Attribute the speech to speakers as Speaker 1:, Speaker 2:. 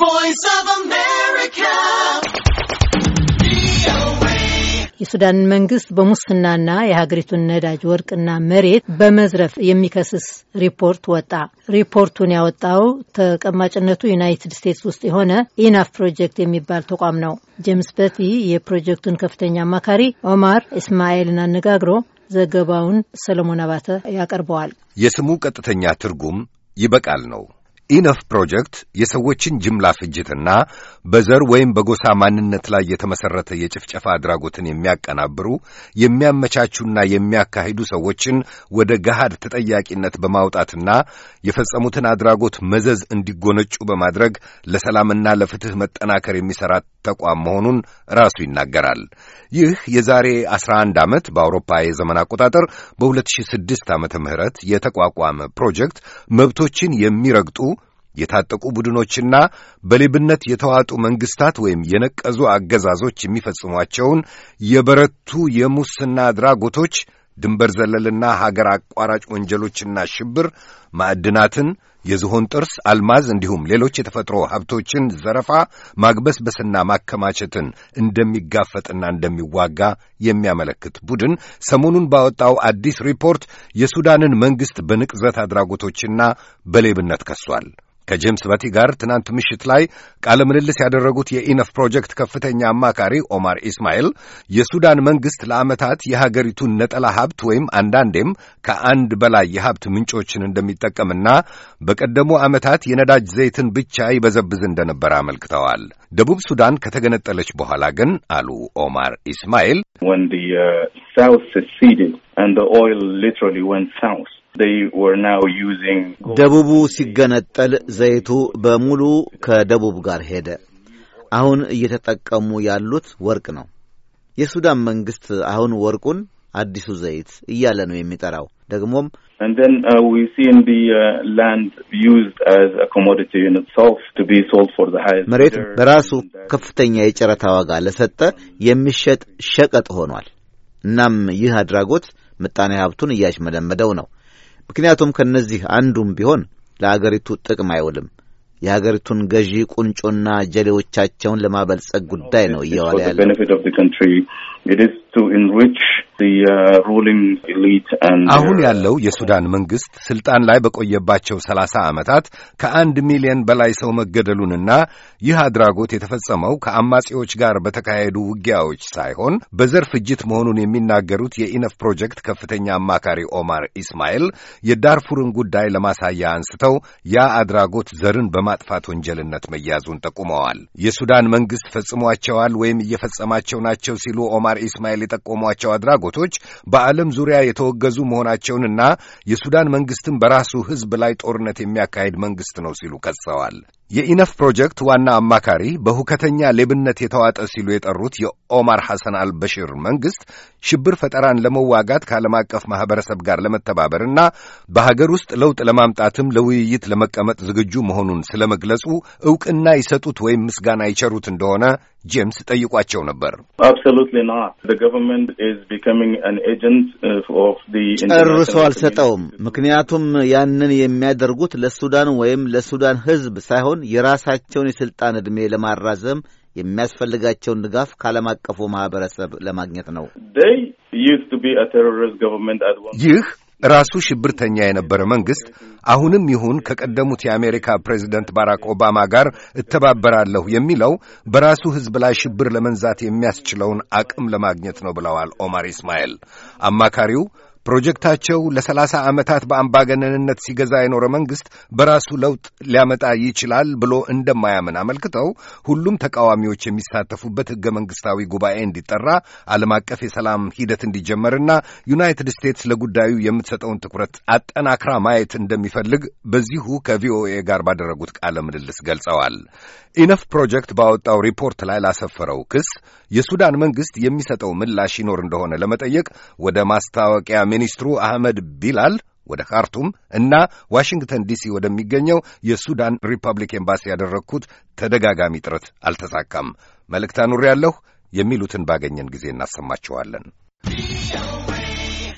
Speaker 1: ቮይስ ኦፍ አሜሪካ የሱዳን መንግስት በሙስናና የሀገሪቱን ነዳጅ ወርቅና መሬት በመዝረፍ የሚከስስ ሪፖርት ወጣ። ሪፖርቱን ያወጣው ተቀማጭነቱ ዩናይትድ ስቴትስ ውስጥ የሆነ ኢናፍ ፕሮጀክት የሚባል ተቋም ነው። ጄምስ በቲ የፕሮጀክቱን ከፍተኛ አማካሪ ኦማር እስማኤልን አነጋግሮ ዘገባውን ሰለሞን አባተ ያቀርበዋል።
Speaker 2: የስሙ ቀጥተኛ ትርጉም ይበቃል ነው። ኢነፍ ፕሮጀክት የሰዎችን ጅምላ ፍጅትና በዘር ወይም በጎሳ ማንነት ላይ የተመሠረተ የጭፍጨፋ አድራጎትን የሚያቀናብሩ የሚያመቻቹና የሚያካሂዱ ሰዎችን ወደ ገሃድ ተጠያቂነት በማውጣትና የፈጸሙትን አድራጎት መዘዝ እንዲጎነጩ በማድረግ ለሰላምና ለፍትሕ መጠናከር የሚሠራ ተቋም መሆኑን ራሱ ይናገራል። ይህ የዛሬ 11 ዓመት በአውሮፓ የዘመን አቆጣጠር በ2006 ዓ ም የተቋቋመ ፕሮጀክት መብቶችን የሚረግጡ የታጠቁ ቡድኖችና በሌብነት የተዋጡ መንግስታት ወይም የነቀዙ አገዛዞች የሚፈጽሟቸውን የበረቱ የሙስና አድራጎቶች፣ ድንበር ዘለልና ሀገር አቋራጭ ወንጀሎችና ሽብር፣ ማዕድናትን፣ የዝሆን ጥርስ፣ አልማዝ እንዲሁም ሌሎች የተፈጥሮ ሀብቶችን ዘረፋ፣ ማግበስበስና ማከማቸትን እንደሚጋፈጥና እንደሚዋጋ የሚያመለክት ቡድን ሰሞኑን ባወጣው አዲስ ሪፖርት የሱዳንን መንግሥት በንቅዘት አድራጎቶችና በሌብነት ከሷል። ከጄምስ በቲ ጋር ትናንት ምሽት ላይ ቃለ ምልልስ ያደረጉት የኢነፍ ፕሮጀክት ከፍተኛ አማካሪ ኦማር ኢስማኤል የሱዳን መንግሥት ለዓመታት የሀገሪቱን ነጠላ ሀብት ወይም አንዳንዴም ከአንድ በላይ የሀብት ምንጮችን እንደሚጠቀምና በቀደሙ ዓመታት የነዳጅ ዘይትን ብቻ ይበዘብዝ እንደነበረ አመልክተዋል። ደቡብ ሱዳን ከተገነጠለች በኋላ ግን አሉ ኦማር ኢስማኤል
Speaker 1: ደቡቡ ሲገነጠል ዘይቱ በሙሉ ከደቡብ ጋር ሄደ። አሁን እየተጠቀሙ ያሉት ወርቅ ነው። የሱዳን መንግሥት አሁን ወርቁን አዲሱ ዘይት እያለ ነው የሚጠራው። ደግሞም uh, uh, መሬት በራሱ ከፍተኛ የጨረታ ዋጋ ለሰጠ የሚሸጥ ሸቀጥ ሆኗል። እናም ይህ አድራጎት ምጣኔ ሀብቱን እያሽመለመደው ነው። ምክንያቱም ከእነዚህ አንዱም ቢሆን ለአገሪቱ ጥቅም አይውልም። የሀገሪቱን ገዢ ቁንጮና ጀሌዎቻቸውን ለማበልጸግ ጉዳይ ነው እየዋለ ያለ።
Speaker 2: Uh, አሁን ያለው የሱዳን መንግስት ስልጣን ላይ በቆየባቸው ሰላሳ ዓመታት ከአንድ ሚሊዮን በላይ ሰው መገደሉንና ይህ አድራጎት የተፈጸመው ከአማጺዎች ጋር በተካሄዱ ውጊያዎች ሳይሆን በዘር ፍጅት መሆኑን የሚናገሩት የኢነፍ ፕሮጀክት ከፍተኛ አማካሪ ኦማር ኢስማኤል የዳርፉርን ጉዳይ ለማሳያ አንስተው ያ አድራጎት ዘርን በማጥፋት ወንጀልነት መያዙን ጠቁመዋል። የሱዳን መንግስት ፈጽሟቸዋል ወይም እየፈጸማቸው ናቸው ሲሉ ኦማር ኢስማኤል የጠቆሟቸው አድራጎት አድራጎቶች በዓለም ዙሪያ የተወገዙ መሆናቸውንና የሱዳን መንግስትም በራሱ ህዝብ ላይ ጦርነት የሚያካሄድ መንግስት ነው ሲሉ ከሰዋል። የኢነፍ ፕሮጀክት ዋና አማካሪ በሁከተኛ ሌብነት የተዋጠ ሲሉ የጠሩት የኦማር ሐሰን አልበሽር መንግሥት ሽብር ፈጠራን ለመዋጋት ከዓለም አቀፍ ማኅበረሰብ ጋር ለመተባበርና በሀገር ውስጥ ለውጥ ለማምጣትም ለውይይት ለመቀመጥ ዝግጁ መሆኑን ስለ መግለጹ ዕውቅና ይሰጡት ወይም ምስጋና ይቸሩት እንደሆነ ጄምስ ጠይቋቸው ነበር።
Speaker 1: uh, ጨርሶ አልሰጠውም። ምክንያቱም ያንን የሚያደርጉት ለሱዳን ወይም ለሱዳን ሕዝብ ሳይሆን የራሳቸውን የሥልጣን ዕድሜ ለማራዘም የሚያስፈልጋቸውን ድጋፍ ከዓለም አቀፉ ማኅበረሰብ ለማግኘት
Speaker 2: ነው። ይህ ራሱ ሽብርተኛ የነበረ መንግሥት አሁንም ይሁን ከቀደሙት የአሜሪካ ፕሬዚደንት ባራክ ኦባማ ጋር እተባበራለሁ የሚለው በራሱ ሕዝብ ላይ ሽብር ለመንዛት የሚያስችለውን አቅም ለማግኘት ነው ብለዋል ኦማር ኢስማኤል አማካሪው ፕሮጀክታቸው ለሰላሳ ዓመታት በአምባገነንነት ሲገዛ የኖረ መንግሥት በራሱ ለውጥ ሊያመጣ ይችላል ብሎ እንደማያምን አመልክተው ሁሉም ተቃዋሚዎች የሚሳተፉበት ሕገ መንግሥታዊ ጉባኤ እንዲጠራ ዓለም አቀፍ የሰላም ሂደት እንዲጀመርና ዩናይትድ ስቴትስ ለጉዳዩ የምትሰጠውን ትኩረት አጠናክራ ማየት እንደሚፈልግ በዚሁ ከቪኦኤ ጋር ባደረጉት ቃለ ምልልስ ገልጸዋል። ኢነፍ ፕሮጀክት ባወጣው ሪፖርት ላይ ላሰፈረው ክስ የሱዳን መንግሥት የሚሰጠው ምላሽ ይኖር እንደሆነ ለመጠየቅ ወደ ማስታወቂያ ሚኒስትሩ አህመድ ቢላል ወደ ካርቱም እና ዋሽንግተን ዲሲ ወደሚገኘው የሱዳን ሪፐብሊክ ኤምባሲ ያደረግኩት ተደጋጋሚ ጥረት አልተሳካም። መልእክት አኑሬ ያለሁ የሚሉትን ባገኘን ጊዜ እናሰማችኋለን።